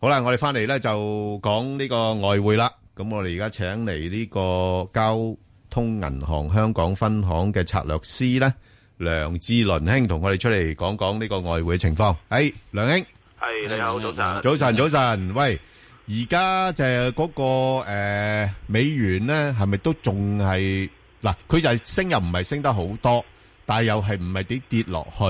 好啦，我哋翻嚟咧就講呢個外匯啦。咁我哋而家請嚟呢個交通銀行香港分行嘅策略師咧梁志倫梁志麟兄，同我哋出嚟講講呢個外匯嘅情況。誒，梁兄，係大家好，早晨，早晨，早晨。喂，而家就嗰個誒美元咧，係咪都仲係嗱？佢就係升又唔係升得好多，但係又係唔係跌跌落去？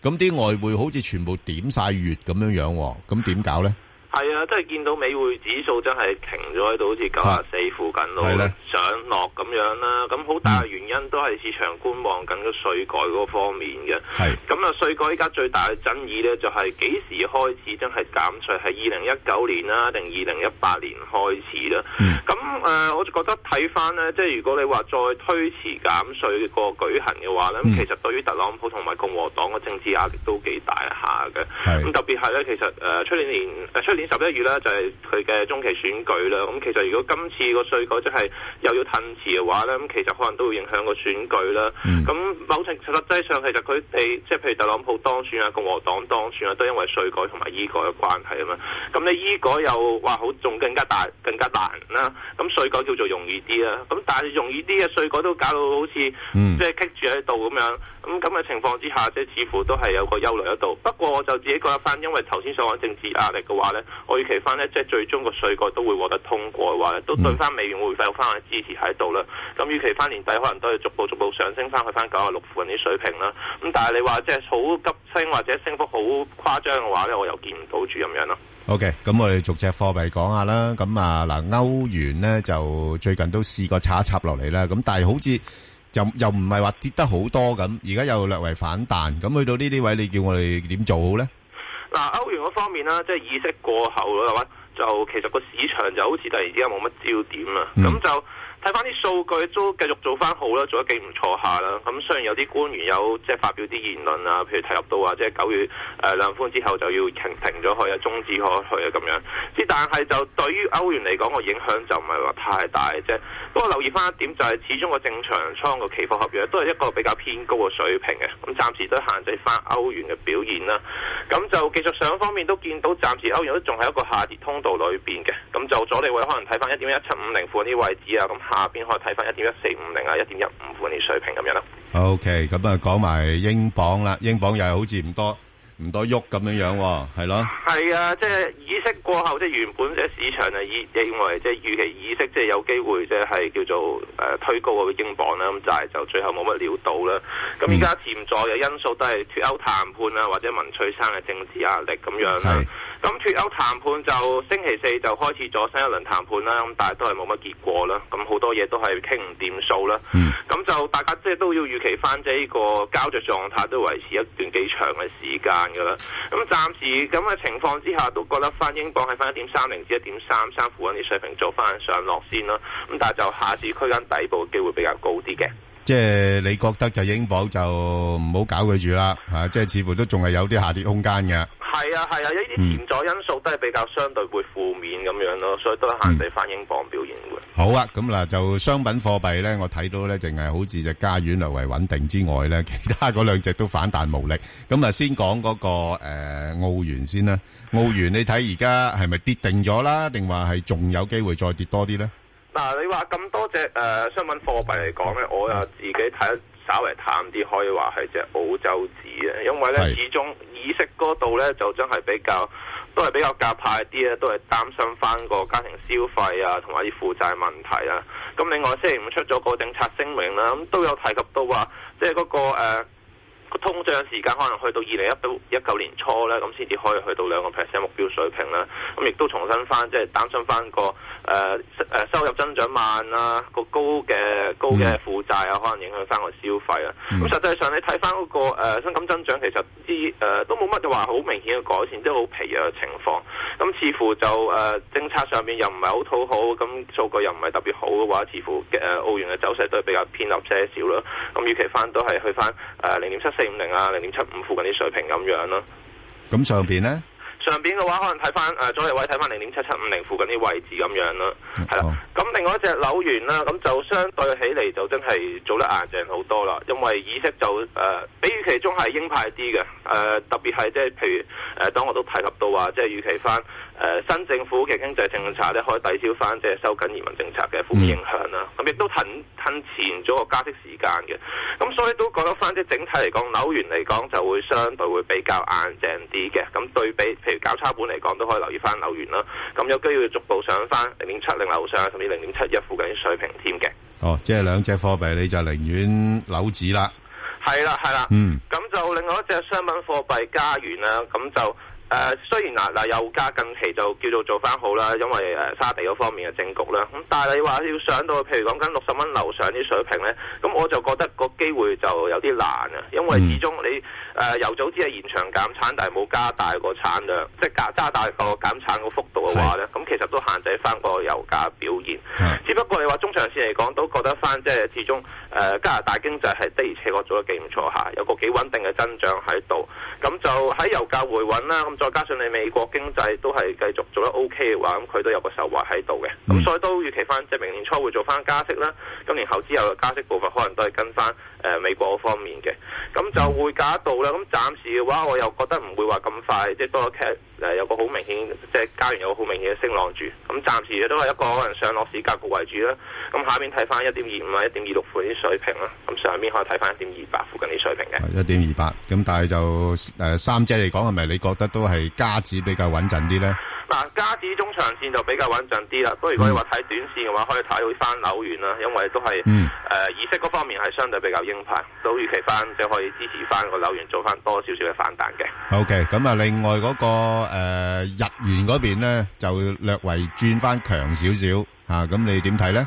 咁啲外匯好似全部點晒月咁樣樣，咁點搞咧？係啊，即係見到美匯指數真係停咗喺度，好似九十四附近度上落咁樣啦。咁好、啊、大嘅原因都係市場觀望緊個稅改嗰個方面嘅。咁啊是，稅改依家最大嘅爭議呢，就係、是、幾時開始真係減稅，係二零一九年啦，定二零一八年開始啦。咁誒、嗯呃，我就覺得睇翻呢，即係如果你話再推遲減稅個舉行嘅話呢，嗯、其實對於特朗普同埋共和黨嘅政治壓力都幾大下嘅。咁是特別係呢，其實誒出、呃、年年出、呃、年。十一月咧就係佢嘅中期選舉啦，咁、嗯、其實如果今次個稅改真係又要褪遲嘅話咧，咁、嗯、其實可能都會影響個選舉啦。咁、嗯、某程度實際上其實佢哋即係譬如特朗普當選啊、共和黨當選啊，都因為稅改同埋醫改嘅關係啊嘛。咁你醫改又話好仲更加大更加難啦，咁稅改叫做容易啲啦。咁但係容易啲嘅稅改都搞到好似即係棘住喺度咁樣。咁咁嘅情況之下，即係似乎都係有個憂慮喺度。不過我就自己覺得翻，因為頭先所講政治壓力嘅話咧。我預期翻呢，即係最終個稅改都會獲得通過嘅話咧，都對翻美元匯率有翻嘅支持喺度啦。咁預期翻年底可能都係逐步逐步上升翻去翻九啊六附近啲水平啦。咁但係你話即係好急升或者升幅好誇張嘅話呢，我又見唔到住咁樣咯。OK，咁我哋逐隻貨幣講下啦。咁啊嗱，歐元呢，就最近都試過插一插落嚟啦。咁但係好似又又唔係話跌得好多咁，而家又略為反彈。咁去到呢啲位，你叫我哋點做好咧？嗱，歐元嗰方面啦，即係意識過後嘅話，就其實個市場就好似突然之間冇乜焦點啦，咁、嗯、就。睇翻啲數據都繼續做翻好啦，做得幾唔錯下啦。咁雖然有啲官員有即係發表啲言論啊，譬如提及到話即係九月量寬、呃、之後就要停停咗去啊，中止咗去啊咁樣。之但係就對於歐元嚟講個影響就唔係話太大嘅啫。不過留意翻一點就係、是、始終個正常倉個期貨合約都係一個比較偏高嘅水平嘅。咁暫時都限制翻歐元嘅表現啦。咁就技術上方面都見到，暫時歐元都仲喺一個下跌通道裏面嘅。咁就阻力位可能睇翻一點一七五零附近啲位置啊。咁下邊可以睇翻一點一四五零啊，一點一五半年水平咁樣, okay, 就樣、哦、咯。O K，咁啊講埋英鎊啦，英鎊又係好似唔多唔多喐咁樣樣喎，係咯。係啊，即係議息過後，即、就、係、是、原本嘅市場係以認為即係預期議息即係有機會即係叫做誒、呃、推高個英鎊啦，咁就係就最後冇乜料到啦。咁而家潛在嘅因素都係脱歐談判啊，或者文翠珊嘅政治壓力咁樣啦。嗯咁脱歐談判就星期四就開始咗新一輪談判啦，咁但係都係冇乜結果啦。咁好多嘢都係傾唔掂數啦。咁、嗯、就大家即係都要預期翻，即係呢個膠着狀態都維持一段幾長嘅時間㗎啦。咁暫時咁嘅情況之下，都覺得翻英鎊係翻一點三零至一點三三附近啲水平做翻上落先啦。咁但係就下次區間底部機會比較高啲嘅。即係你覺得就英鎊就唔好搞佢住啦，嚇！即係似乎都仲係有啲下跌空間嘅。係啊，係啊，一啲潛在因素都係比較相對會負面咁樣咯，所以都係限地翻英鎊表現嘅。好啊，咁嗱就商品貨幣咧，我睇到咧淨係好似隻加元略為穩定之外咧，其他嗰兩隻都反彈無力。咁啊，先講嗰個誒澳元先啦。澳元你睇而家係咪跌定咗啦？定話係仲有機會再跌多啲咧？嗱，你話咁多隻誒商品貨幣嚟講咧，我又自己睇。稍微淡啲，可以話係隻澳洲紙啊，因為咧是始終議息嗰度咧就真係比較都係比較鴿派啲咧，都係擔心返個家庭消費啊，同埋啲負債問題啊。咁另外星期五出咗個政策聲明啦、啊，咁都有提及到話，即係嗰個、呃個通脹時間可能去到二零一到一九年初咧，咁先至可以去到兩個 percent 目標水平啦。咁亦都重新翻，即係擔心翻個誒誒、呃、收入增長慢啊，個高嘅高嘅負債啊，可能影響翻個消費啊。咁、嗯、實際上你睇翻嗰個誒薪金增長，其實啲誒、呃、都冇乜話好明顯嘅改善，即係好疲弱嘅情況。咁似乎就誒、呃、政策上面又唔係好討好，咁數據又唔係特別好嘅話，似乎誒澳、呃、元嘅走勢都係比較偏立些少啦。咁預期翻都係去翻誒零點七呃四五零啊，零點七五附近啲水平咁樣咯。咁上邊呢？上邊嘅話，可能睇翻誒，左右位睇翻零點七七五零附近啲位置咁樣咯。係啦、哦。咁另外一隻紐元啦，咁就相對起嚟就真係做得硬淨好多啦。因為議息就誒、呃，比預期中係鷹派啲嘅。誒、呃，特別係即係譬如誒、呃，當我都提及到話，即係預期翻。誒、呃、新政府嘅經濟政策咧，可以抵消翻即係收緊移民政策嘅負面影響啦、啊。咁亦、嗯啊、都騰騰前咗個加息時間嘅。咁、啊、所以都覺得翻即整體嚟講，紐元嚟講就會相對會比較硬淨啲嘅。咁對比，譬如交叉盤嚟講，都可以留意翻紐元啦。咁有機會逐步上翻零點七零樓上，甚至零點七一附近啲水平添嘅。哦，即係兩隻貨幣你就寧願紐指啦。係啦，係啦。嗯。咁就另外一隻商品貨幣加元啦。咁、啊、就。誒、呃，雖然嗱嗱、呃、油價近期就叫做做翻好啦，因為誒、呃、沙地嗰方面嘅政局啦，咁但係你話要上到譬如講緊六十蚊樓上啲水平咧，咁我就覺得個機會就有啲難啊，因為始終你誒油、呃、早知係延長減產，但係冇加大個產量，即係加加大個減產個幅度嘅話咧，咁的其實都限制翻個油價表現。的只不過你話中長線嚟講，都覺得翻即係，始終誒、呃、加拿大經濟係的而且確我做得幾唔錯下，有個幾穩定嘅增長喺度，咁就喺油價回穩啦。再加上你美國經濟都係繼續做得 OK 嘅話，咁佢都有個受惠喺度嘅，咁所以都預期翻即係明年初會做翻加息啦。咁然後之後嘅加息部分可能都係跟翻誒美國方面嘅，咁就會架到啦。咁暫時嘅話，我又覺得唔會話咁快，即係多咗劇。有個好明顯，即係加完有個好明顯嘅升浪住，咁暫時都係一個可能上落市格局為主啦。咁下面睇翻一點二五啊，一點二六附近啲水平啦。咁上面可以睇翻一點二八附近啲水平嘅。一點二八，咁但係就三姐嚟講，係咪你覺得都係加指比較穩陣啲咧？嗱，家子中長線就比較穩陣啲啦。不過，如果你話睇短線嘅話，可以睇到翻紐元啦，因為都係誒、嗯呃、意識嗰方面係相對比較鷹派，都預期翻即可以支持翻個紐元做翻多少少嘅反彈嘅。O K，咁啊，另外嗰、個、呃、日元嗰邊咧，就略為轉翻強少少嚇，咁你點睇咧？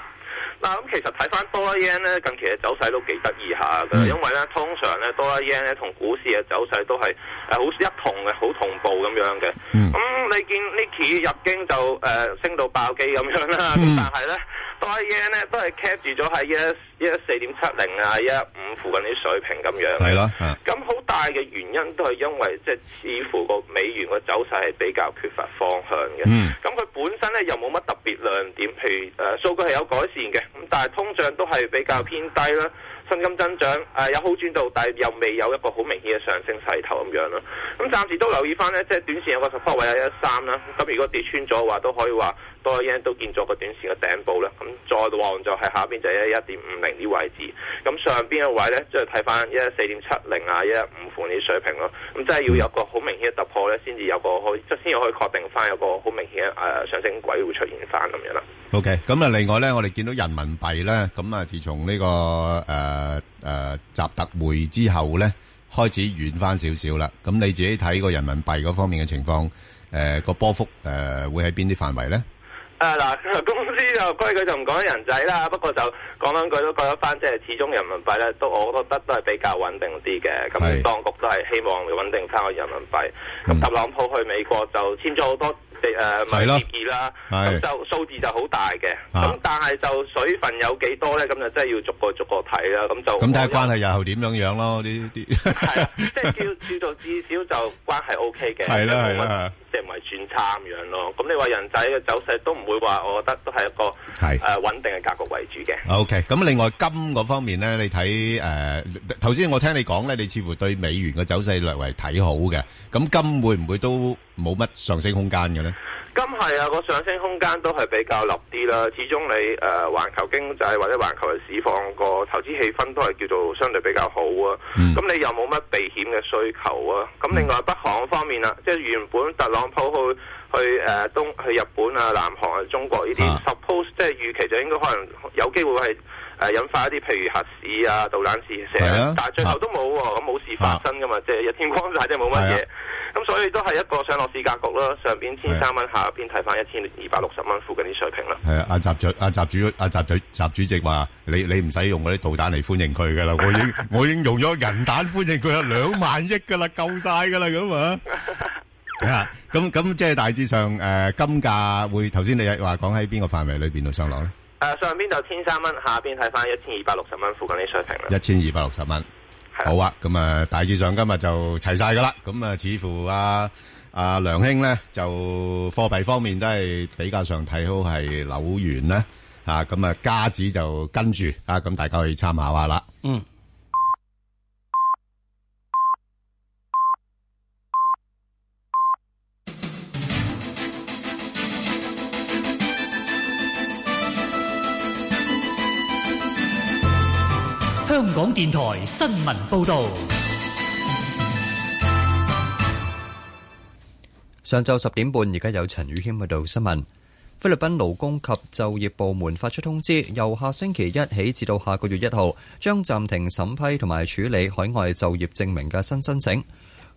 嗱，咁其實睇翻多一 a 咧，近期嘅走勢都幾得意下嘅，因為咧通常咧多一 a 咧同股市嘅走勢都係好一同嘅，好同步咁樣嘅。咁、嗯嗯、你見 Nike 入京就、呃、升到爆機咁樣啦，咁但係咧。嗯兌嘢咧都係 keep 住咗喺一一四點七零啊，一一五附近啲水平咁樣，係咁好大嘅原因都係因為即係、就是、似乎個美元嘅走勢係比較缺乏方向嘅，咁佢、嗯、本身咧又冇乜特別亮點，譬如誒數、呃、據係有改善嘅，咁但係通脹都係比較偏低啦。嗯薪金增長，有好轉到，但又未有一個好明顯嘅上升勢頭咁樣咯。咁暫時都留意翻呢，即係短線有個突破位一一三啦。咁如果跌穿咗嘅話，都可以話多一啲都見咗個短線嘅頂部啦。咁再望就係下面，就一一點五零啲位置。咁上邊嘅位呢，即係睇翻一一四點七零啊，一一五盤啲水平咯。咁真係要有個好明顯嘅突破呢，先至有個好即係先可以確定翻有個好明顯嘅上升軌會出現翻咁樣啦。OK，咁啊，另外咧，我哋見到人民幣咧，咁啊，自從呢、這個誒誒、呃呃、習特會之後咧，開始軟翻少少啦。咁你自己睇個人民幣嗰方面嘅情況，誒、呃、個波幅誒、呃、會喺邊啲範圍咧？誒，嗱，公司就規矩就唔講人仔啦，不過就講兩句都講得翻，即係始終人民幣咧，都我覺得都係比較穩定啲嘅。咁是當局都係希望穩定翻個人民幣。咁特朗普去美國就簽咗好多。嗯係咯，咁、嗯、就數字就好大嘅。咁但係就水分有幾多咧？咁就真係要逐個逐個睇啦。咁就咁睇下關係，然後點樣樣咯？呢啲係即係叫叫做至少就關係 OK 嘅。係啦，係啦。即係唔係轉差咁樣咯？咁你話人仔嘅走勢都唔會話，我覺得都係一個係誒是、呃、穩定嘅格局為主嘅。O K，咁另外金嗰方面呢，你睇誒，頭先我聽你講呢，你似乎對美元嘅走勢略為睇好嘅。咁金會唔會都冇乜上升空間嘅呢？金係啊，個上升空間都係比較立啲啦。始終你誒環、呃、球經濟或者環球嘅市況，個投資氣氛都係叫做相對比較好啊。咁、嗯、你又冇乜避險嘅需求啊？咁另外、嗯、北韓方面啊，即係原本特講鋪去去誒、啊、東去日本啊、南韓啊、中國呢啲，suppose 即係預期就應該可能有機會係誒、啊、引發一啲譬如核試啊、導彈試，啊、但係最後都冇。咁冇、啊啊、事發生噶嘛，啊、即係一天光晒，即係冇乜嘢，咁所以都係一個上落市格局啦，上邊千三蚊，下邊睇翻一千二百六十蚊附近啲水平啦。係啊，阿習、啊啊啊啊啊、主阿習、啊、主阿習、啊、主習主席話，你你唔使用嗰啲導彈嚟歡迎佢噶啦，我已經 我已經用咗人彈歡迎佢兩萬億噶啦，夠晒噶啦咁啊！ 咁咁、 啊、即係大致上誒、呃，金價會頭先你話講喺邊個範圍裏邊度上落咧？誒、啊，上邊就千三蚊，下邊睇返一千二百六十蚊附近啲水平啦。一千二百六十蚊，的好啊！咁啊，大致上今日就齊晒噶啦。咁啊，似乎阿、啊、阿、啊、梁兄咧，就貨幣方面都係比較上睇好係紐元啦。吓、啊、咁啊，加紙，就跟住啊，咁大家可以參考下啦。嗯。香港電台新聞報道：上晝十點半，而家有陳宇謙喺度。新聞：菲律賓勞工及就業部門發出通知，由下星期一起至到下個月一號，將暫停審批同埋處理海外就業證明嘅新申請。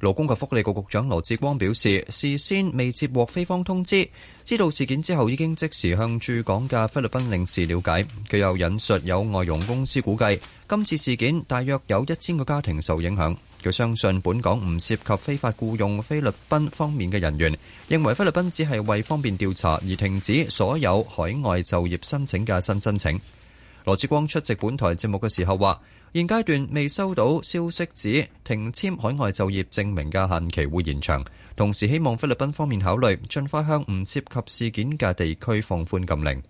勞工及福利局局長羅志光表示，事先未接獲菲方通知，知道事件之後已經即時向駐港嘅菲律賓領事了解。佢又引述有外傭公司估計。今次事件大約有一千個家庭受影響，佢相信本港唔涉及非法雇用菲律賓方面嘅人員，認為菲律賓只係為方便調查而停止所有海外就業申請嘅新申請。羅志光出席本台節目嘅時候話：現階段未收到消息指停簽海外就業證明嘅限期會延長，同時希望菲律賓方面考慮盡快向唔涉及事件嘅地區放寬禁令。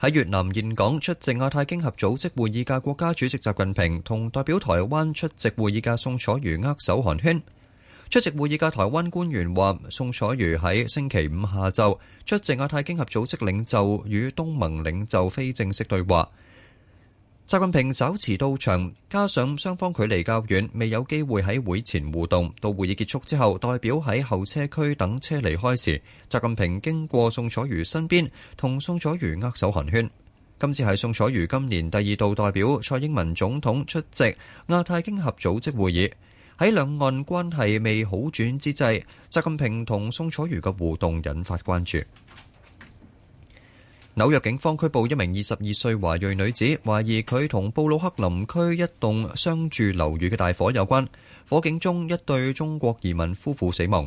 喺越南峴港出席亞太經合組織會議嘅國家主席習近平同代表台灣出席會議嘅宋楚瑜握手寒暄。出席會議嘅台灣官員話宋楚瑜喺星期五下晝出席亞太經合組織領袖與東盟領袖非正式對話。習近平首次到場，加上雙方距離較遠，未有機會喺會前互動。到會議結束之後，代表喺候車區等車離開時，習近平經過宋楚瑜身邊，同宋楚瑜握手寒暄。今次係宋楚瑜今年第二度代表蔡英文總統出席亞太經合組織會議。喺兩岸關係未好轉之際，習近平同宋楚瑜嘅互動引發關注。紐約警方拘捕一名二十二歲華裔女子，懷疑佢同布魯克林區一棟商住樓宇嘅大火有關。火警中一對中國移民夫婦死亡。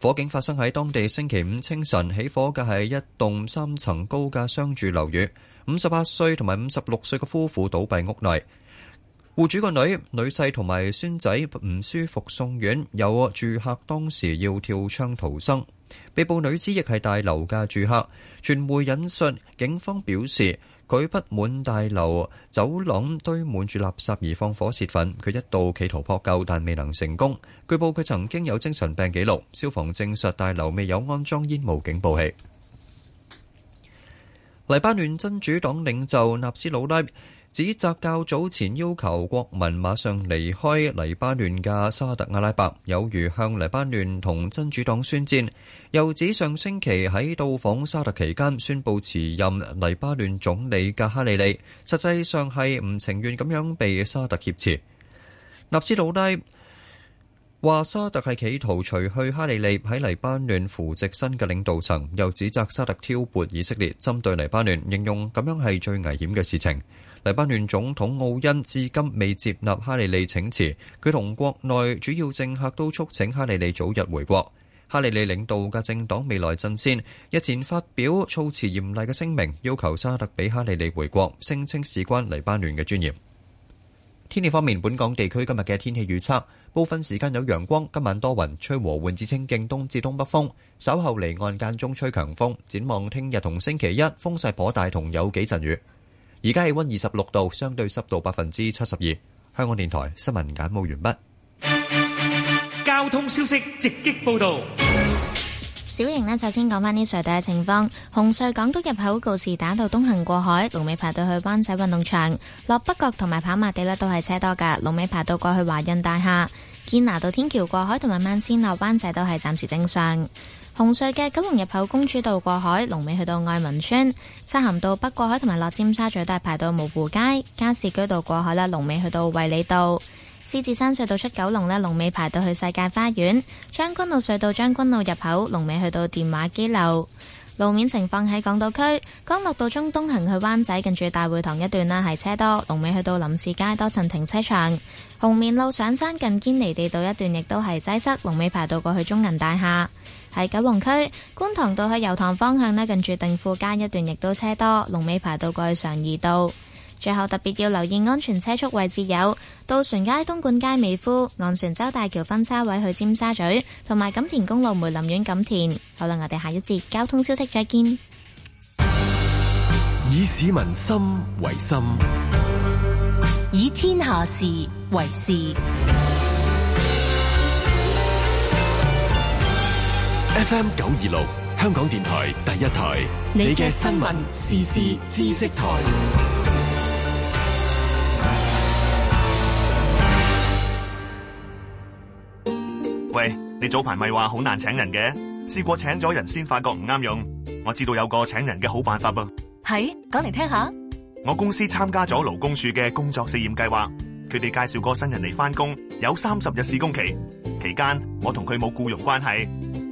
火警發生喺當地星期五清晨，起火嘅係一棟三層高嘅商住樓宇。五十八歲同埋五十六歲嘅夫婦倒斃屋內，戶主個女、女婿同埋孫仔唔舒服送院，有住客當時要跳窗逃生。被捕女子亦係大樓嘅住客，傳媒引述警方表示，佢不滿大樓走廊堆滿住垃圾而放火泄憤，佢一度企圖撲救但未能成功。據報佢曾經有精神病記錄，消防證實大樓未有安裝煙霧警報器。黎巴嫩真主黨領袖納斯魯拉，指責較早前要求國民馬上離開黎巴嫩嘅沙特阿拉伯，有如向黎巴嫩同真主黨宣戰。又指上星期喺到訪沙特期間宣佈辭任黎巴嫩總理嘅哈利利，實際上係唔情願咁樣被沙特挾持。納斯魯拉話，沙特係企圖除去哈利利喺黎巴嫩扶植新嘅領導層，又指責沙特挑撥以色列針對黎巴嫩，形容咁樣係最危險嘅事情。黎巴嫩總統奧恩至今未接納哈利利請辭，佢同國內主要政客都促請哈利利早日回國。哈利利領導嘅政黨未來陣線日前發表措辭嚴厲嘅聲明，要求沙特俾哈利利回國，聲稱事關黎巴嫩嘅尊嚴。天氣方面，本港地區今日嘅天氣預測：部分時間有陽光，今晚多雲，吹和緩至清勁東至東北風，稍後離岸間中吹強風。展望聽日同星期一，風勢頗大，同有幾陣雨。而家氣溫二十六度，相對濕度百分之七十二。香港電台新聞簡報完畢。交通消息直擊報道。小瑩呢，就先講翻呢隧道嘅情況。紅隧港島入口告士打道東行過海，龍尾排到去灣仔運動場。落北角同埋跑馬地呢都係車多噶，龍尾排到過去華潤大廈、堅拿道天橋過海同埋慢線落灣仔都係暫時正常。紅隧嘅九龍入口，公主道過海，龍尾去到愛民村；漆咸道北過海同埋落尖沙咀都係排到蕪湖街。加士居道過海啦，龍尾去到衛理道。獅子山隧道出九龍咧，龍尾排到去世界花園。將軍路隧道，將軍路入口，龍尾去到電話機樓。路面情況喺港島區，干諾道中東行去灣仔，近住大會堂一段啦，係車多，龍尾去到林士街多層停車場。紅棉路上山近堅尼地道一段是室，亦都係擠塞，龍尾排到過去中銀大廈。喺九龍區觀塘道去油塘方向咧，近住定富街一段亦都車多，龍尾排到過去常怡道。最後特別要留意安全車速位置有：渡船街、東莞街、美孚、昂船洲大橋分叉位去尖沙咀，同埋錦田公路梅林苑錦田。好啦，我哋下一節交通消息再見。以市民心為心，以天下事為事。三九二六，香港電台第一台。你嘅新聞時事知識台。喂，你早排咪話好難請人嘅？試過請咗人先發覺唔啱用。我知道有個請人嘅好辦法噃。係，講嚟聽下。我公司參加咗勞工處嘅工作試驗計劃，佢哋介紹過個新人嚟翻工，有三十日試工期，期間我同佢冇僱傭關係。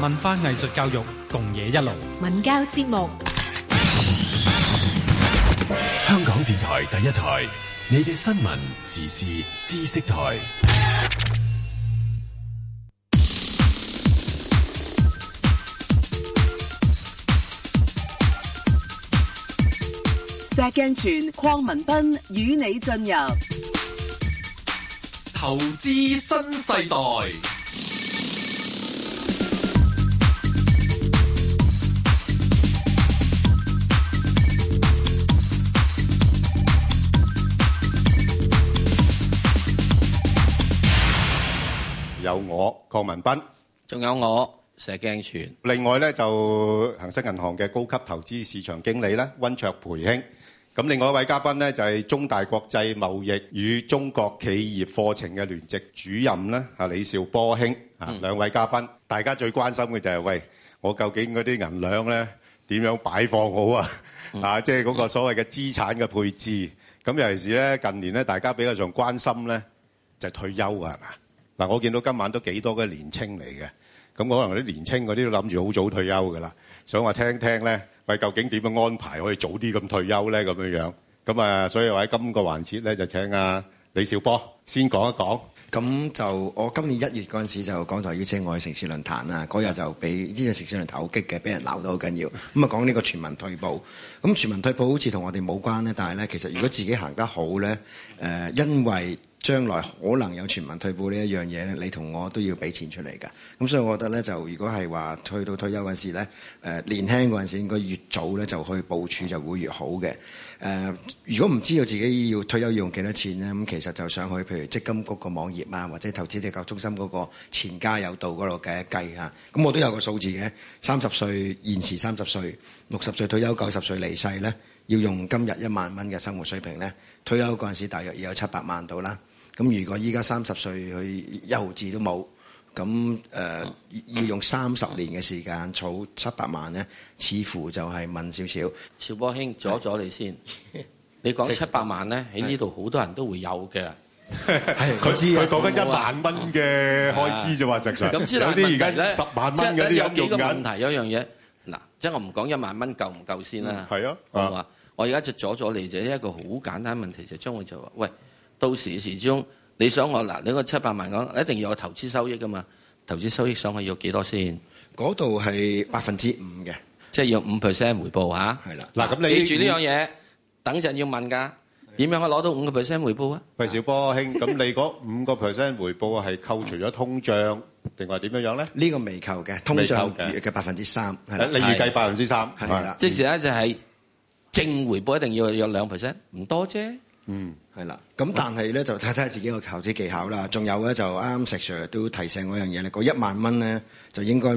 文化藝術教育共冶一爐，文教節目，香港電台第一台，你嘅新聞時事知識台，石鏡泉、鄺文斌與你進入，投資新世代。我鄺文斌，仲有我石鏡泉，另外咧就恒生銀行嘅高級投資市場經理咧温卓培兄，咁另外一位嘉賓咧就係中大國際貿易與中國企業課程嘅聯席主任咧，啊李兆波兄，啊兩位嘉賓，大家最關心嘅就係喂，我究竟嗰啲銀兩咧點樣擺放好啊？啊，即係嗰個所謂嘅資產嘅配置，咁尤其是咧近年咧大家比較上關心咧就係退休啊，係嘛？嗱，我見到今晚都幾多嘅年青嚟嘅，咁可能啲年青嗰啲都諗住好早退休㗎啦，想話聽聽咧，係究竟點樣安排可以早啲咁退休咧？咁樣樣，咁啊，所以我喺今個環節咧就請阿李兆波先講一講。咁就我今年一月嗰陣時就港台邀請我去城市論壇啊，嗰日就俾呢個城市論壇好激嘅，俾人鬧得好緊要。咁啊，講呢個全民退保。咁全民退保好似同我哋冇關咧，但係咧其實如果自己行得好咧，誒、呃，因為。將來可能有全民退保呢一樣嘢咧，你同我都要俾錢出嚟㗎。咁所以我覺得咧，就如果係話去到退休嗰時咧，誒、呃、年輕嗰陣時應該越早咧就去部署就會越好嘅。誒、呃，如果唔知道自己要退休要用幾多錢咧，咁其實就上去譬如積金局個網頁啊，或者投資者教育中心嗰個錢家有道嗰度計一計啊。咁我都有個數字嘅，三十歲現時三十歲，六十歲退休，九十歲離世咧，要用今日一萬蚊嘅生活水平咧，退休嗰陣時大約要有七百萬到啦。咁如果依家三十歲佢一毫子都冇，咁誒要用三十年嘅時間儲七百萬咧，似乎就係問少少。小波兄，阻阻你先，你講七百萬咧，喺呢度好多人都會有嘅。係佢知佢講緊一萬蚊嘅開支啫嘛，石 Sir 有啲而家十萬蚊啲有嘅眼。問題有一樣嘢，嗱，即係我唔講一萬蚊夠唔夠先啦。係啊，我我而家就阻阻你，就一個好簡單問題，就將會就話喂。到時始終你想我嗱，你個七百萬講，一定要有投資收益噶嘛？投資收益上去要幾多先？嗰度係百分之五嘅，即係要五 percent 回報嚇。係啦，嗱咁你記住呢樣嘢，等陣要問㗎，點樣可以攞到五個 percent 回報啊？喂，小波兄，咁你嗰五個 percent 回報係扣除咗通脹定係點樣樣咧？呢個未扣嘅，通脹嘅百分之三係啦，你預計百分之三係啦，即時咧就係正回報一定要有兩 percent，唔多啫。嗯，係啦。咁、嗯、但係咧，就睇睇自己個投資技巧啦。仲有咧，就啱啱石 Sir 都提醒我一樣嘢咧。嗰一萬蚊咧，就應該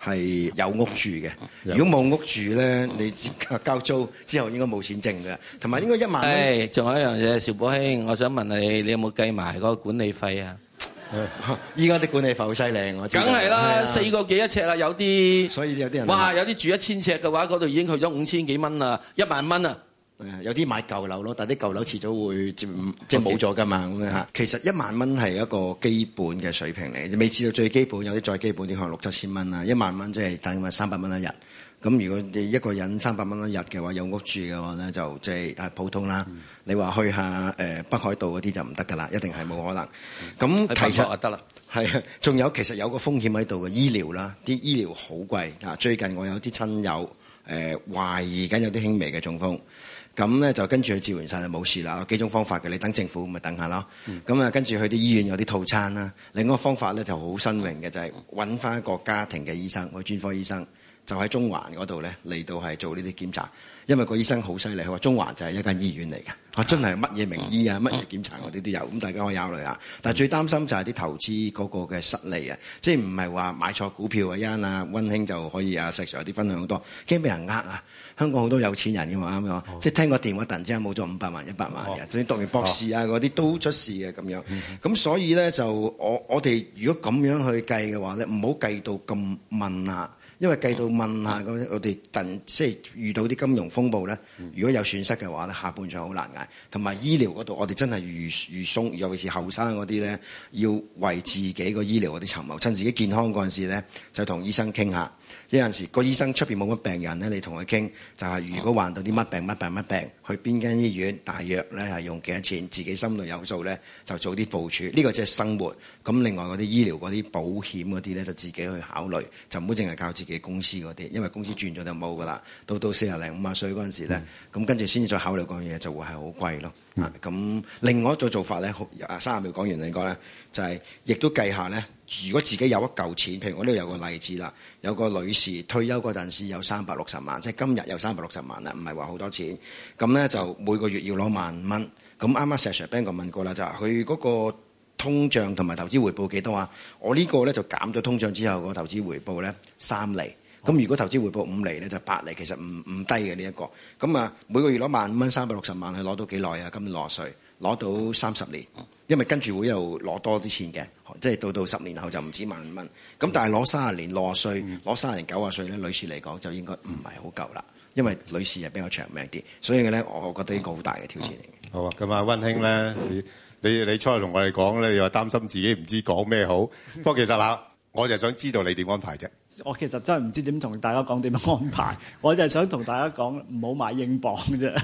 係有屋住嘅。如果冇屋住咧，你交租之後應該冇錢剩嘅。同埋應該一萬。誒、哎，仲有一樣嘢，邵寶興，我想問你，你有冇計埋嗰個管理費啊？依家啲管理費好犀利喎。梗係啦，啊、四個幾一尺啦有啲。所以有啲人。哇，有啲住一千尺嘅話，嗰度已經去咗五千幾蚊啦，一萬蚊啊！有啲買舊樓咯，但啲舊樓遲早會即係冇咗噶嘛，咁樣吓，其實一萬蚊係一個基本嘅水平嚟，嗯、未至到最基本，有啲再基本啲可能六七千蚊啦。一萬蚊即係等於三百蚊一日。咁如果你一個人三百蚊一日嘅話，有屋住嘅話咧，就即係普通啦。嗯、你話去下、呃、北海道嗰啲就唔得噶啦，一定係冇可能。咁、嗯、其實得啦，仲有其實有個風險喺度嘅醫療啦，啲醫療好貴啊。最近我有啲親友誒、呃、懷疑緊有啲輕微嘅中風。咁呢，就跟住佢治完曬就冇事啦。有幾種方法嘅，你等政府咪等下囉。咁啊、嗯、跟住去啲醫院有啲套餐啦。另一個方法呢，就好新穎嘅，就係揾返一個家庭嘅醫生，個專科醫生。就喺中環嗰度咧，嚟到係做呢啲檢查，因為個醫生好犀利，佢話中環就係一間醫院嚟㗎。啊，真係乜嘢名醫啊，乜嘢檢查嗰啲都有，咁大家可以考慮下。但係最擔心就係啲投資嗰個嘅失利啊，即係唔係話買錯股票啊，因啊，溫馨就可以啊，石 Sir 有啲分享好多，驚俾人呃啊，香港好多有錢人㗎嘛，啱，即係聽個電話突然之間冇咗五百萬一百萬嘅，甚至讀完博士啊嗰啲都出事嘅咁樣。咁所以咧就我我哋如果咁樣去計嘅話咧，唔好計到咁問啊。因為計到問下、嗯、我哋即係遇到啲金融風暴呢，嗯、如果有損失嘅話，下半場好難捱。同埋醫療嗰度，我哋真係如如鬆，尤其是後生嗰啲呢，要為自己個醫療嗰啲籌謀，趁自己健康嗰陣時呢，就同醫生傾下。有陣時、那個醫生出面冇乜病人咧，你同佢傾就係、是、如果患到啲乜病乜病乜病，去邊間醫院大約咧係用幾多錢，自己心裏有數咧就做啲部署。呢、這個即係生活。咁另外嗰啲醫療、嗰啲保險呢、嗰啲咧就自己去考慮，就唔好淨係靠自己公司嗰啲，因為公司轉咗就冇噶啦。到到四廿零五廿歲嗰陣時咧，咁、嗯、跟住先至再考慮嗰樣嘢，就會係好貴咯。嗯、啊，咁另外一種做法咧，啊三十秒講完你講咧，就係、是、亦都計下咧。如果自己有一嚿錢，譬如我呢度有個例子啦，有個女士退休嗰陣時有三百六十萬，即係今日有三百六十萬啦，唔係話好多錢。咁咧就每個月要攞萬五蚊。咁啱啱 Sasha Ben 哥問過啦，就係佢嗰個通脹同埋投資回報幾多啊？我呢個咧就減咗通脹之後個投資回報咧三厘。咁如果投資回報五厘咧就八厘。其實唔唔低嘅呢一個。咁啊每個月攞萬五蚊三百六十萬去攞到幾耐啊？今年落稅。攞到三十年，因為跟住會又攞多啲錢嘅，即、就、係、是、到到十年後就唔止萬蚊。咁但係攞卅年六十歲，攞卅、嗯、年九十歲咧，女士嚟講就應該唔係好夠啦，因為女士係比較長命啲，所以咧我覺得呢個好大嘅挑戰嚟、嗯。好啊，咁、嗯、啊，溫馨咧，你你你出嚟同我哋講咧，你又話擔心自己唔知講咩好。不過其實嗱，我就想知道你點安排啫。我其實真係唔知點同大家講點樣安排，我就係想同大家講唔好買英鎊啫，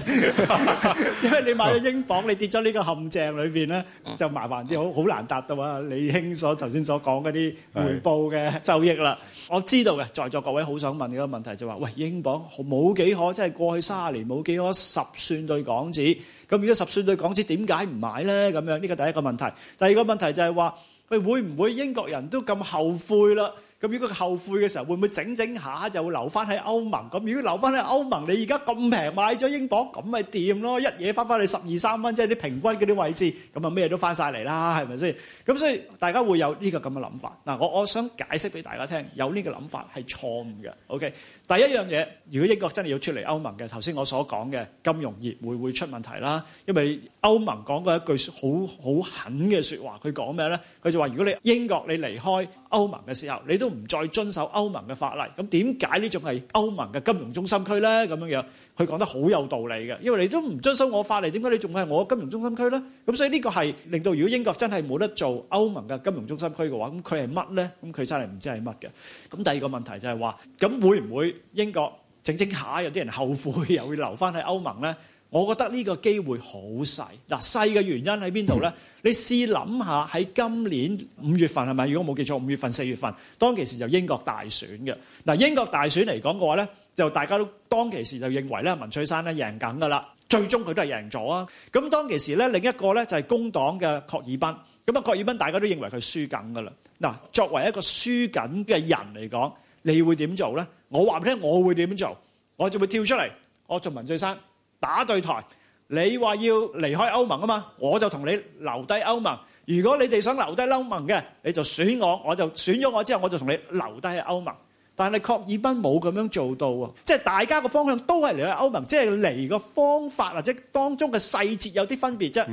因為你買咗英鎊，你跌咗呢個陷阱裏邊咧，就麻煩啲，好好難答到啊李興所頭先所講嗰啲回報嘅收益啦。我知道嘅，在座各位好想問呢個問題就話：喂，英鎊冇幾可，即係過去三十年冇幾可十算對港紙。咁如果十算對港紙，點解唔買咧？咁樣呢個第一個問題。第二個問題就係話，喂會唔會英國人都咁後悔啦？咁如果佢後悔嘅時候，會唔會整整下就會留翻喺歐盟？咁如果留翻喺歐盟，你而家咁平買咗英鎊，咁咪掂咯？一嘢翻翻去十二三蚊，即係啲平均嗰啲位置，咁啊咩都翻曬嚟啦，係咪先？咁所以大家會有呢個咁嘅諗法嗱，我我想解釋俾大家聽，有呢個諗法係錯誤嘅。OK，第一樣嘢，如果英國真係要出嚟歐盟嘅，頭先我所講嘅金融業會唔會出問題啦，因為歐盟講過一句好好狠嘅説話，佢講咩咧？佢就話：如果你英國你離開歐盟嘅時候，你都唔再遵守歐盟嘅法例，咁點解呢仲係歐盟嘅金融中心區呢？咁樣樣，佢講得好有道理嘅，因為你都唔遵守我法例，點解你仲係我金融中心區呢？咁所以呢個係令到如果英國真係冇得做歐盟嘅金融中心區嘅話，咁佢係乜呢？咁佢真係唔知係乜嘅。咁第二個問題就係話，咁會唔會英國整整下有啲人後悔，又會留翻喺歐盟呢？我覺得呢個機會好細，嗱細嘅原因喺邊度咧？你試諗下喺今年五月份係咪？如果冇記錯，五月份、四月份當其時就英國大選嘅嗱。英國大選嚟講嘅話咧，就大家都當其時就認為咧，文翠珊咧贏緊㗎啦。最終佢都係贏咗啊！咁當其時咧，另一個咧就係工黨嘅郝爾彬，咁啊郝爾彬大家都認為佢輸緊㗎啦。嗱，作為一個輸緊嘅人嚟講，你會點做咧？我話俾你聽，我會點做？我就會跳出嚟，我做文翠珊。打對台，你話要離開歐盟啊嘛，我就同你留低歐盟。如果你哋想留低歐盟嘅，你就選我，我就選咗我之後，我就同你留低歐盟。但係你確實冇咁樣做到喎，即係大家個方向都係離開歐盟，即係嚟個方法或者當中嘅細節有啲分別啫。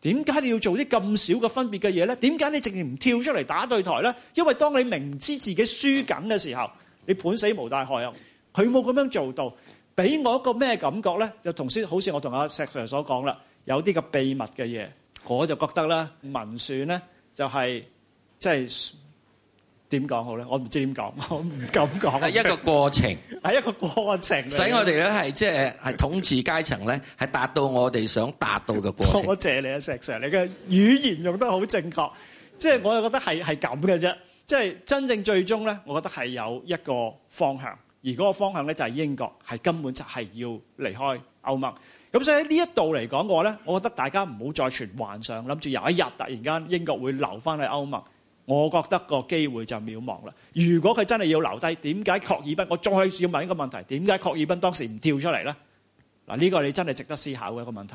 點解、嗯、你要做啲咁少嘅分別嘅嘢咧？點解你直情唔跳出嚟打對台咧？因為當你明知自己輸緊嘅時候，你搏死無大害啊。佢冇咁樣做到。俾我一個咩感覺咧？就同先好似我同阿石 Sir 所講啦，有啲個秘密嘅嘢，我就覺得啦，民選咧就係即係點講好咧？我唔知點講，我唔敢講。係一個過程，係 一個過程，使我哋咧係即係統治階層咧，係達到我哋想達到嘅過程。我 多謝你啊，石 Sir，你嘅語言用得好正確，即係我又覺得係係咁嘅啫，即係真正最終咧，我覺得係有一個方向。而嗰個方向咧就係英國，係根本就係要離開歐盟。咁所以喺呢一度嚟講嘅話咧，我覺得大家唔好再存幻想，諗住有一日突然間英國會留翻去歐盟。我覺得個機會就渺茫啦。如果佢真係要留低，點解郝爾彬？我再要問一個問題：點解郝爾彬當時唔跳出嚟咧？嗱，呢個你真係值得思考嘅一個問題。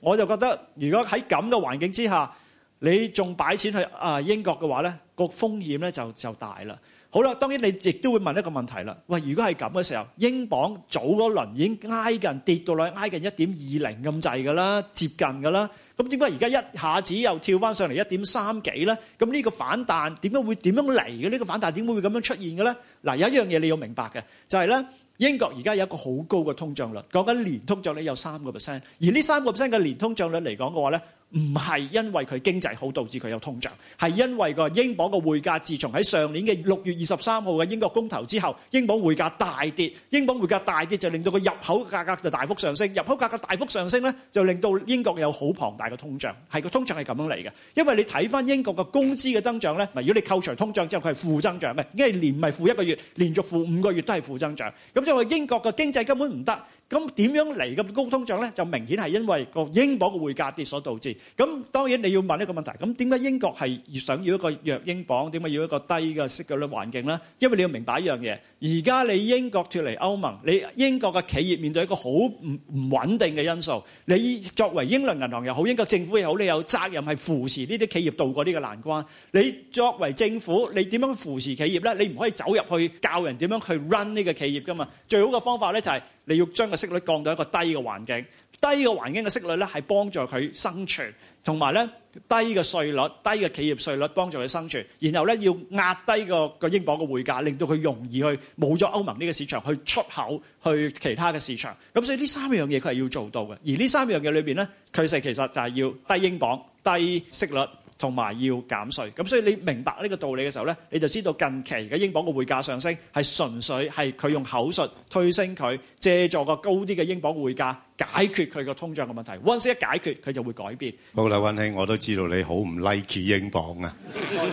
我就覺得，如果喺咁嘅環境之下，你仲擺錢去啊英國嘅話咧，個風險咧就就大啦。好啦，當然你亦都會問一個問題啦。喂，如果係咁嘅時候，英鎊早嗰輪已經挨近跌到落去，挨近一點二零咁滯㗎啦，接近㗎啦。咁點解而家一下子又跳翻上嚟一點三幾咧？咁呢個反彈點樣會點樣嚟嘅？呢個反彈點會會咁樣出現嘅咧？嗱，有一樣嘢你要明白嘅就係咧，英國而家有一個好高嘅通脹率，講緊年通脹率有三個 percent，而呢三個 percent 嘅年通脹率嚟講嘅話咧。唔係因為佢經濟好導致佢有通脹，係因為個英鎊個匯價，自從喺上年嘅六月二十三號嘅英國公投之後，英鎊匯價大跌，英鎊匯價大跌就令到佢入口價格就大幅上升，入口價格大幅上升咧，就令到英國有好龐大嘅通脹，係個通脹係咁樣嚟嘅。因為你睇翻英國個工資嘅增長咧，嗱，如果你扣除通脹之後佢係負增長嘅，因為連唔係負一個月，連續負五個月都係負增長，咁即係英國個經濟根本唔得。咁點樣嚟嘅高通脹咧？就明顯係因為個英鎊嘅匯價跌所導致。咁當然你要問一個問題，咁點解英國係想要一個弱英鎊？點解要一個低嘅息率環境咧？因為你要明白一樣嘢，而家你英國脫離歐盟，你英國嘅企業面對一個好唔唔穩定嘅因素。你作為英倫銀行又好，英國政府又好，你有責任係扶持呢啲企業渡過呢個難關。你作為政府，你點樣扶持企業咧？你唔可以走入去教人點樣去 run 呢個企業噶嘛。最好嘅方法咧就係……你要將個息率降到一個低嘅環境，低嘅環境嘅息率咧係幫助佢生存，同埋咧低嘅稅率、低嘅企業稅率幫助佢生存，然後咧要壓低個個英鎊嘅匯價，令到佢容易去冇咗歐盟呢個市場去出口去其他嘅市場。咁所以呢三樣嘢佢係要做到嘅，而呢三樣嘢裏邊咧，佢就其實就係要低英鎊、低息率。同埋要減稅，咁所以你明白呢個道理嘅時候咧，你就知道近期嘅英鎊個匯價上升係純粹係佢用口述推升佢，藉助個高啲嘅英鎊匯價解決佢個通脹嘅問題。Once 一解決，佢就會改變。好啦，温兄，我都知道你好唔 like 英鎊啊，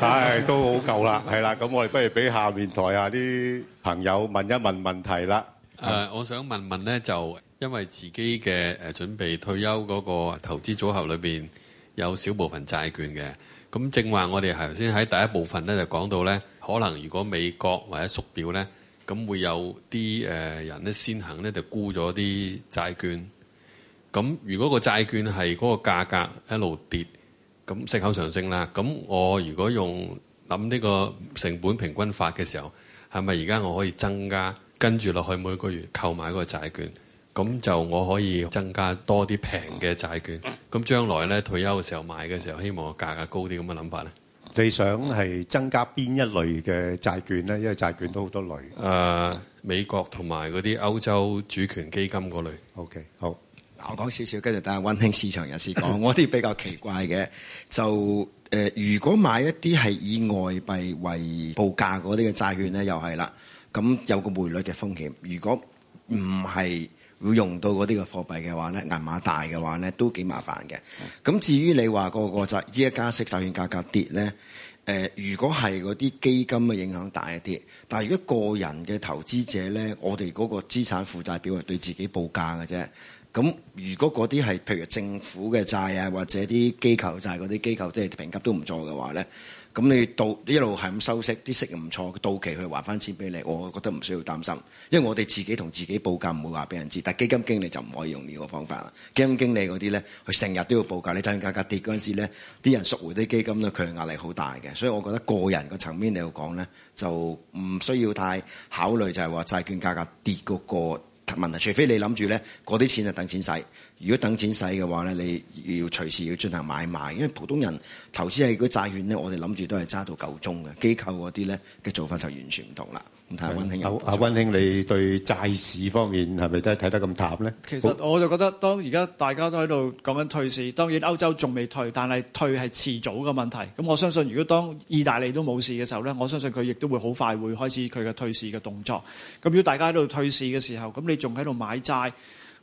唉都好夠啦，係啦，咁我哋不如俾下面台下啲朋友問一問問題啦。誒，我想問問咧，就因為自己嘅誒準備退休嗰個投資組合裏邊。有少部分債券嘅，咁正話我哋頭先喺第一部分咧就講到呢，可能如果美國或者縮表呢，咁會有啲人呢先行呢，就沽咗啲債券，咁如果個債券係嗰個價格一路跌，咁息口上升啦，咁我如果用諗呢個成本平均法嘅時候，係咪而家我可以增加跟住落去每個月購買嗰個債券？咁就我可以增加多啲平嘅債券，咁將來呢，退休嘅時候買嘅時候，希望個價格高啲咁嘅諗法呢，你想係增加邊一類嘅債券呢？因為債券都好多類。呃、美國同埋嗰啲歐洲主權基金嗰類。Okay，好。嗱，我講少少，跟住等下溫馨市場人士講。 我啲比較奇怪嘅，就、呃、如果買一啲係以外幣為報價嗰啲嘅債券呢，又係啦。咁有個匯率嘅風險。如果唔係。會用到嗰啲、嗯嗰個貨幣嘅話咧，銀碼大嘅話咧都幾麻煩嘅。咁至於你話個個債依家加息，債券價格跌咧，誒、呃，如果係嗰啲基金嘅影響大一啲，但係如果個人嘅投資者咧，我哋嗰個資產負債表係對自己報價嘅啫。咁如果嗰啲係譬如政府嘅債啊，或者啲機構債嗰啲機構即係評級都唔錯嘅話咧。咁你到一路係咁收息，啲息唔錯，到期佢還翻錢俾你，我覺得唔需要擔心。因為我哋自己同自己報價，唔會話俾人知。但係基金經理就唔可以用呢個方法啦。基金經理嗰啲咧，佢成日都要報價。你債券價格跌嗰陣時咧，啲人贖回啲基金咧，佢壓力好大嘅。所以，我覺得個人個層面嚟講咧，就唔需要太考慮就係話債券價格跌嗰個。問題，除非你諗住咧，嗰啲錢就等錢使。如果等錢使嘅話咧，你要隨時要進行買賣，因為普通人投資係嗰啲債券咧，我哋諗住都係揸到夠鐘嘅。機構嗰啲咧嘅做法就完全唔同啦。唔太溫馨。阿阿溫馨，你對債市方面係咪真係睇得咁淡呢？其實好我就覺得，當而家大家都喺度講緊退市，當然歐洲仲未退，但係退係遲早嘅問題。咁我相信，如果當意大利都冇事嘅時候呢，我相信佢亦都會好快會開始佢嘅退市嘅動作。咁如果大家喺度退市嘅時候，咁你仲喺度買債，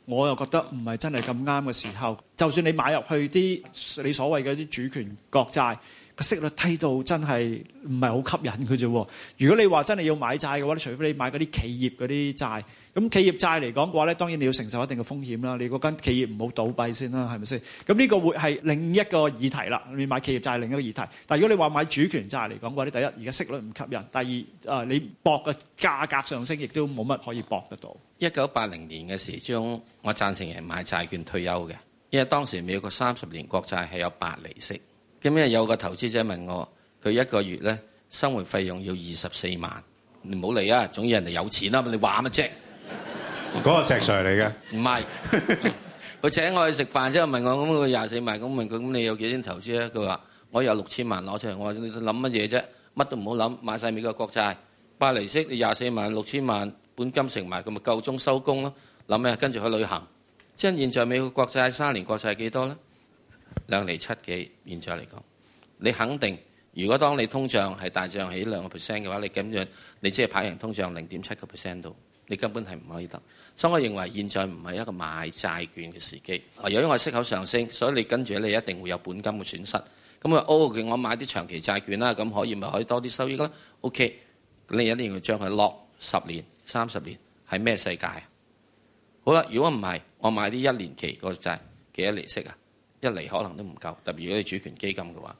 我又覺得唔係真係咁啱嘅時候。就算你買入去啲你所謂嘅啲主權國債。息率低到真係唔係好吸引嘅啫喎！如果你話真係要買債嘅話，你除非你買嗰啲企業嗰啲債，咁企業債嚟講嘅話咧，當然你要承受一定嘅風險啦，你嗰間企業唔好倒閉先啦，係咪先？咁呢個會係另一個議題啦。你買企業債另一個議題，但係如果你話買主權債嚟講嘅話咧，第一而家息率唔吸引，第二啊你博嘅價格上升，亦都冇乜可以博得到。一九八零年嘅時候，我贊成人買債券退休嘅，因為當時美國三十年國債係有八厘息。咁因為有個投資者問我，佢一個月咧生活費用要二十四萬，你唔好理啊！總之人哋有錢啊，你話乜啫？嗰個石 Sir 嚟嘅？唔係，佢請我去食飯之後問我咁佢廿四萬，咁問佢咁你有幾多錢投資咧？佢話我有六千萬攞出嚟，我話你諗乜嘢啫？乜都唔好諗，買晒美國國債、八厘息，你廿四萬六千萬本金食埋，咁咪夠鐘收工咯？諗咩？跟住去旅行。即係現在美國國債三年國債係幾多咧？兩厘七幾？現在嚟講，你肯定如果當你通脹係大漲起兩個 percent 嘅話，你咁樣你只係跑贏通脹零點七個 percent 度，你根本係唔可以得。所以，我認為現在唔係一個買債券嘅時機。由於我息口上升，所以你跟住你一定會有本金嘅損失。咁啊，O K，我買啲長期債券啦，咁可以咪可以多啲收益啦？O K，你一定要將佢落十年、三十年係咩世界？好啦，如果唔係，我買啲一年期個債幾多利息啊？一厘可能都唔夠，特別如果你主權基金嘅話，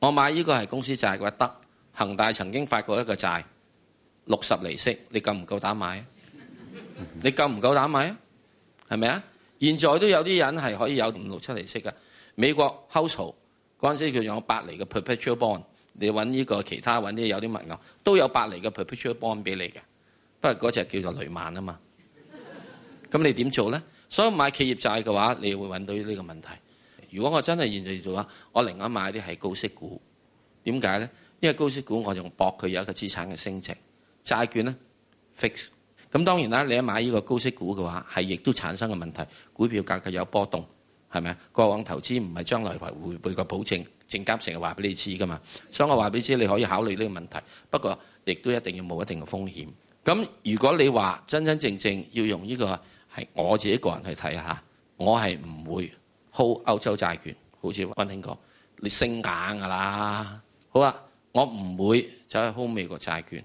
我買呢個係公司債嘅話，得恒大曾經發過一個債六十厘息，你夠唔夠膽買？你夠唔夠膽買啊？係咪啊？現在都有啲人係可以有五六七厘息嘅。美國 hold 籌嗰陣時，佢有八厘嘅 perpetual bond，你揾呢、這個其他揾啲、這個、有啲文案都有八厘嘅 perpetual bond 俾你嘅，不過嗰隻叫做雷曼啊嘛。咁你點做咧？所以買企業債嘅話，你會揾到呢個問題。如果我真係現在做啦，我寧願買啲係高息股，點解呢？因為高息股我仲博佢有一個資產嘅升值，債券呢 fix。咁當然啦，你一買呢個高息股嘅話，係亦都產生嘅問題，股票價格，格，格有波動，係咪啊？過往投資唔係將來回報嘅保證，證監成日話俾你知噶嘛。所以我話俾你知，你可以考慮呢個問題，不過亦都一定要冇一定嘅風險。咁如果你話真真正正要用呢、呢個係我自己個人去睇下，我係唔會。hold 歐洲債券，好似溫馨講，你升硬噶啦。好啊，我唔會走去 hold 美國債券，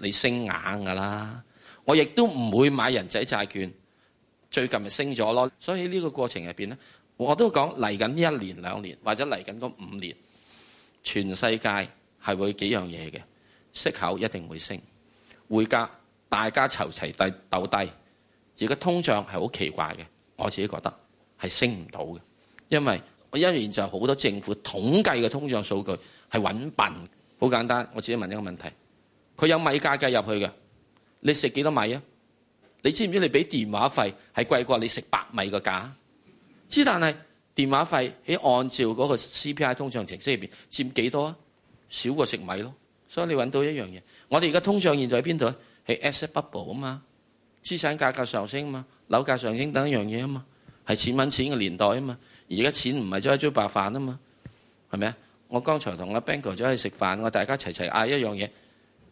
你升硬噶啦。我亦都唔會買人仔債券，最近咪升咗咯。所以呢個過程入面咧，我都講嚟緊呢一年兩年或者嚟緊嗰五年，全世界係會幾樣嘢嘅息口一定會升，匯價大家籌齊低鬥低，而家通脹係好奇怪嘅，我自己覺得。係升唔到嘅，因為我一年就好多政府統計嘅通脹數據係揾笨，好簡單。我自己問一個問題：佢有米價計入去嘅，你食幾多米啊？你知唔知你俾電話費係貴過你食白米嘅價？之但係電話費喺按照嗰個 CPI 通脹程式入邊佔幾多啊？少過食米咯，所以你揾到一樣嘢。我哋而家通脹現在喺邊度啊？喺 asset bubble 啊嘛，資產價格上升啊嘛，樓價上升等一樣嘢啊嘛。係錢揾錢嘅年代啊嘛，而家錢唔係咗一張白飯啊嘛，係咪啊？我剛才同阿 Bangor 在一食飯，我大家齊齊嗌一樣嘢，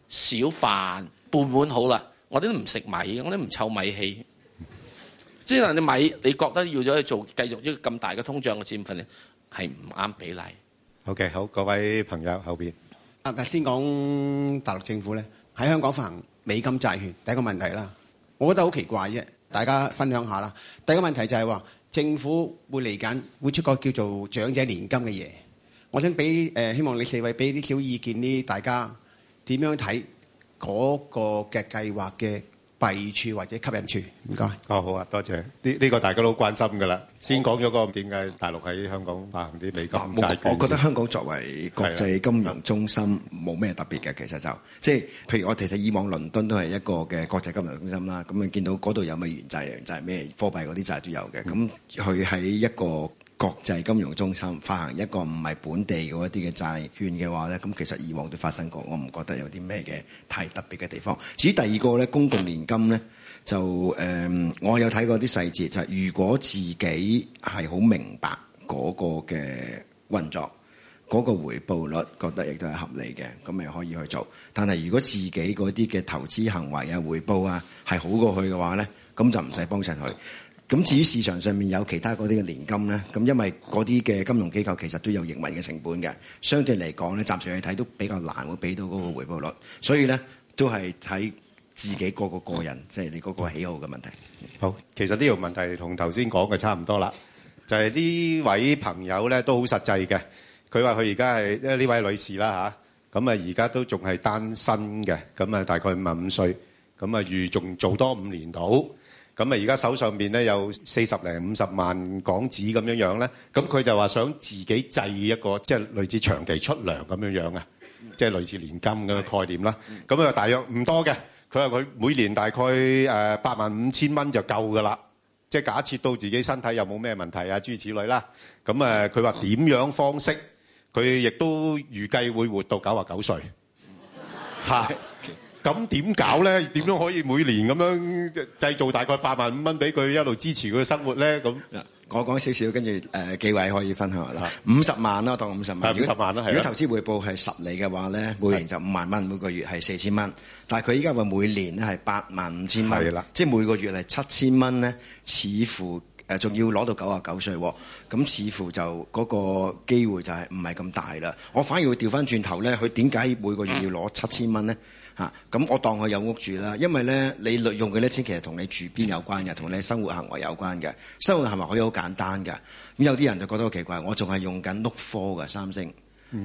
少飯半碗好啦。我哋都唔食米，我哋唔臭米氣。 即係你米，你覺得要咗去做繼續呢個咁大嘅通脹嘅佔份，咧，係唔啱比例。OK，好，各位朋友後邊。啊，先講大陸政府咧，喺香港發行美金債券，第一個問題啦，我覺得好奇怪啫。大家分享下啦。第一個問題就係話，政府會嚟緊會出個叫做長者年金嘅嘢。我想俾、呃、希望你四位俾啲小意見呢？大家點樣睇嗰個嘅計劃嘅？弊處或者吸引處？唔該。哦，好啊，多謝。呢呢、呢個大家都好關心㗎啦。先講咗個點解大陸喺香港發行啲美國債。我覺得香港作為國際金融中心，冇咩的特別嘅其實就即、係、係，譬如我哋睇以往倫敦都係一個嘅國際金融中心啦。咁你見到嗰度有咩元債、洋債、咩貨幣嗰啲債都有嘅。咁佢喺一個國際金融中心發行一個唔係本地嘅一啲嘅債券嘅話呢，咁其實以往都發生過，我唔覺得有啲咩嘅太特別嘅地方。至於第二個呢，公共年金呢，就誒、呃，我有睇過啲細節，就係、係、如果自己係好明白嗰個嘅運作，嗰、嗰個回報率覺得亦都係合理嘅，咁咪可以去做。但係如果自己嗰啲嘅投資行為啊、回報啊係好過去嘅話呢，咁就唔使幫襯佢。咁至於市場上面有其他嗰啲嘅年金咧，咁因為嗰啲嘅金融機構其實都有營運嘅成本嘅，相對嚟講咧，集上去睇都比較難會俾到嗰個回報率，所以咧都係睇自己個個個人，即係你嗰個喜好嘅問題。好，其實呢條問題同頭先講嘅差唔多啦，就係呢位朋友咧都好實際嘅，佢話佢而家係呢位女士啦吓，咁啊而家都仲係單身嘅，咁啊大概五十五歲，咁啊預仲做多五年到。咁啊，而家手上邊咧有四十零五十萬港紙咁樣樣咧，咁佢就話想自己製一個即係類似長期出糧咁樣樣啊，即係類似年金嘅概念啦。咁啊，大約唔多嘅，佢話佢每年大概誒八萬五千蚊就夠㗎啦。即係假設到自己身體又冇咩問題啊，諸如此類啦。咁啊，佢話點樣方式，佢亦都預計會活到九啊九歲。嚇！咁點搞咧？點都可以每年咁樣製造大概八萬五蚊俾佢一路支持佢嘅生活咧？咁我講少少，跟住誒，幾位可以分享啦。五十萬啦，當五十萬。五十萬啦，如果投資回報係十厘嘅話咧，每年就五萬蚊，每個月係四千蚊。但係佢依家話每年咧係八萬五千蚊，係啦的，即係每個月係七千蚊咧，似乎。誒仲要攞到九啊九歲喎，咁似乎就嗰、那個機會就係唔係咁大啦。我反而會調翻轉頭咧，佢點解每個月要攞七千蚊咧？嚇、啊，咁我當佢有屋住啦，因為咧你用嘅呢錢其實同你住邊有關嘅，同你生活行為有關嘅。生活行為可以好簡單嘅，咁有啲人就覺得好奇怪，我仲係用緊碌 o t o 嘅三星。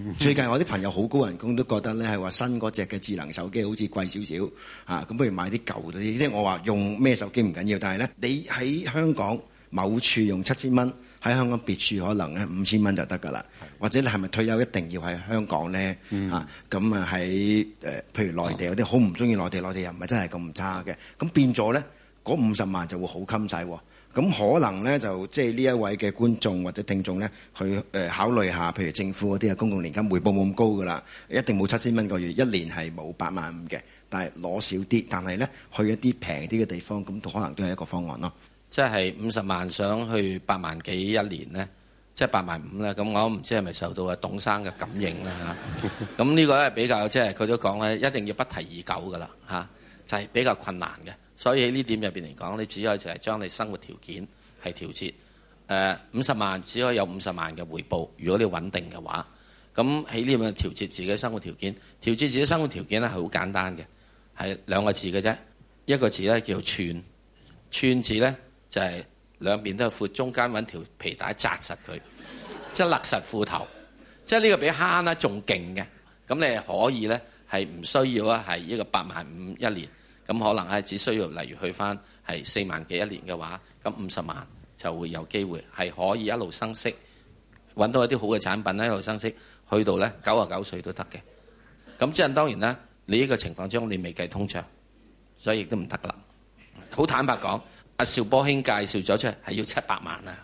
最近我啲朋友好高人工都覺得咧係話新嗰隻嘅智能手機好似貴少少嚇，咁、啊、不如買啲舊啲。即、就、係、是、我話用咩手機唔緊要，但係咧你喺香港。某處用七千蚊，喺香港別處可能咧五千蚊就得噶啦，或者你係咪退休一定要喺香港咧？嗯、啊，咁啊喺譬如內地、哦、有啲好唔中意內地，內地又唔係真係咁差嘅，咁變咗咧嗰五十萬就會好襟使喎。咁可能咧就即係呢一位嘅觀眾或者聽眾咧，去、呃、考慮下，譬如政府嗰啲啊，公共年金回報冇咁高噶啦，一定冇七千蚊個月，一年係冇八萬五嘅，但係攞少啲，但係咧去一啲平啲嘅地方，咁都可能都係一個方案咯。即係五十萬想去八萬幾一年呢，即係八萬五啦。咁我唔知係咪受到啊董生嘅感應啦嚇。咁呢 個咧比較即係佢都講咧，一定要不提已久噶啦、嚇、就係、是、比較困難嘅。所以喺呢點入邊嚟講，你只可以就係將你生活條件係調節。誒五十萬只可以有五十萬嘅回報，如果你穩定嘅話，咁喺呢度調節自己生活條件，調節自己生活條件咧係好簡單嘅，係兩個字嘅啫，一個字咧叫串串字呢。就係兩邊都闊，中間揾條皮帶紮實佢，即係勒實褲頭，即係呢個比慳啦仲勁嘅。咁你可以呢，係唔需要啊，係一個八萬五一年，咁可能咧只需要例如去返係四萬幾一年嘅話，咁五十萬就會有機會係可以一路生息，揾到一啲好嘅產品咧，一路生息去到呢九啊九歲都得嘅。咁即係當然啦，你呢個情況之中你未計通脹，所以亦都唔得啦。好坦白講。阿邵、啊、波兄介紹咗出嚟，係要七百萬啊、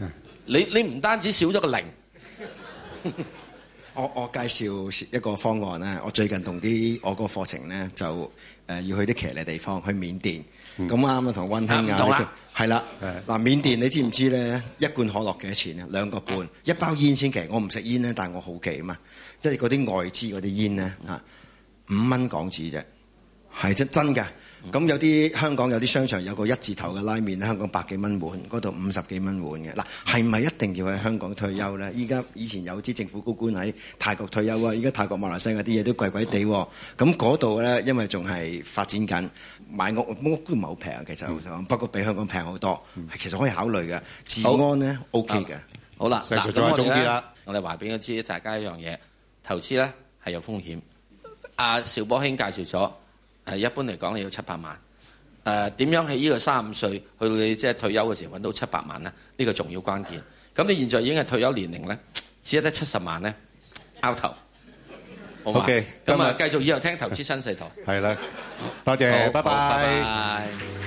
嗯！你你唔單止少咗個零， 我我介紹一個方案咧。我最近同啲我個課程咧就誒、呃、要去啲騎呢地方，去緬甸。咁啱啱同温兄啊，唔同啦，係啦。嗱，緬甸你知唔知咧？一罐可樂幾多錢啊？兩個半，嗯、一包煙先奇。其實我唔食煙咧，但係我好奇啊嘛，即係嗰啲外資嗰啲煙咧嚇，五蚊、嗯啊、港紙啫，係真、嗯、真嘅。咁、嗯、有啲香港有啲商場有一個一字頭嘅拉麵，香港百幾蚊碗，嗰度五十幾蚊碗嘅。嗱，係唔係一定要喺香港退休咧？依家以前有支政府高官喺泰國退休啊，依家泰國、馬來西亞啲嘢都貴貴地。咁嗰度咧，因為仲係發展緊，買屋屋都唔係好平，啊。其實、嗯、不過比香港平好多，嗯、其實可以考慮嘅。治安咧好 OK 嘅的。好啦，嗱咁我總結啦，我哋話俾你知大家一樣嘢，投資咧係有風險。阿、啊、邵波兄介紹咗。誒一般嚟講你要七百萬，誒、呃、點樣喺呢個三五歲去到你即係退休嘅時候揾到七百萬咧？呢、呢個重要關鍵。咁你現在已經係退休年齡咧，只係得七十萬咧，out 頭。OK 咁啊繼續以後聽投資新世圖。係啦，多謝，拜拜好。Bye bye